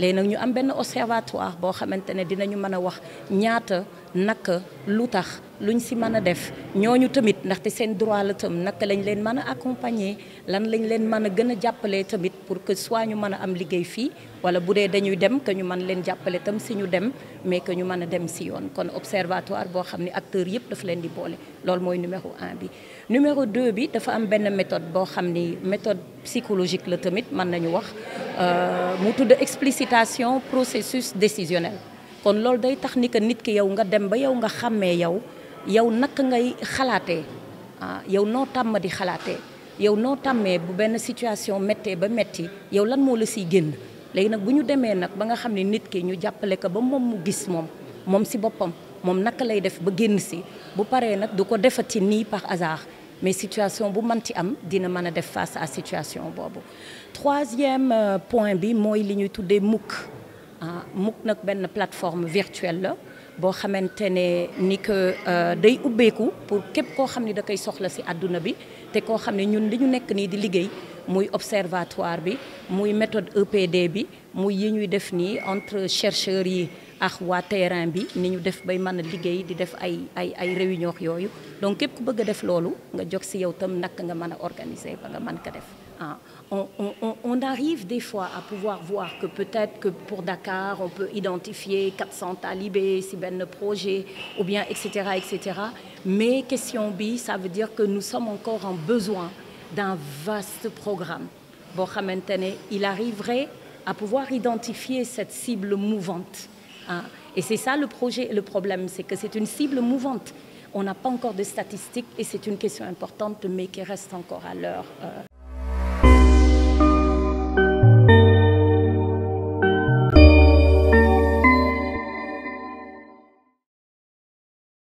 léegi nag ñu am benn observatoire boo xamante ne dinañu mën a wax ñaata naka lu tax lu ñu si mën a def ñooñu tamit ndaxte seen droit la tam naka lañ leen mën a accompagner lan lañ leen mën a gën a jàppale tamit pour que soit ñu mën a am liggéey fii wala bu dee dañuy dem que ñu mën leen jàppale tam si ñu dem mais que ñu mën a dem si yoon kon observatoire boo xam ni acteurs yëpp dafa leen di boole loolu mooy numéro un bi. numéro deux bi dafa am benn méthode boo xam ni méthode psychologique la tamit mën nañu wax euh, mu tudd explicitation processus décisionnel kon loolu day tax ni que nit ki yow nga dem ba yow nga xàmmee yow. yow naka ngay xalaatee ah yow noo tàmm di xalaatee yow noo tàmmee bu benn situation méttee ba metti yow lan moo la siy génn léegi nag bu ñu demee nag ba nga xam ne nit ki ñu jàppale ko ba moom mu gis moom moom si boppam moom naka lay def ba génn si bu paree nag du ko defati nii par hasard mais situation bu manti am dina mën a def face à situation boobu troisième euh, point bi mooy li ñuy tuddee MOOC ah MOOC nag benn plateforme virtuelle la boo xamante ne ni que euh, day ubbeeku pour képp koo xam ni da koy soxla si àdduna bi te koo xam ne ñun li ñu nekk nii di liggéey muy observatoire bi muy méthode EPD bi mu yi ñuy def nii entre chercheurs yi on arrive des fois à pouvoir voir que peut-être que pour Dakar on peut identifier 400 talibés si le projet ou bien etc. etc. mais question B, ça veut dire que nous sommes encore en besoin d'un vaste programme il arriverait à pouvoir identifier cette cible mouvante Hein. Et c'est ça le projet, le problème, c'est que c'est une cible mouvante. On n'a pas encore de statistiques et c'est une question importante, mais qui reste encore à l'heure. Euh.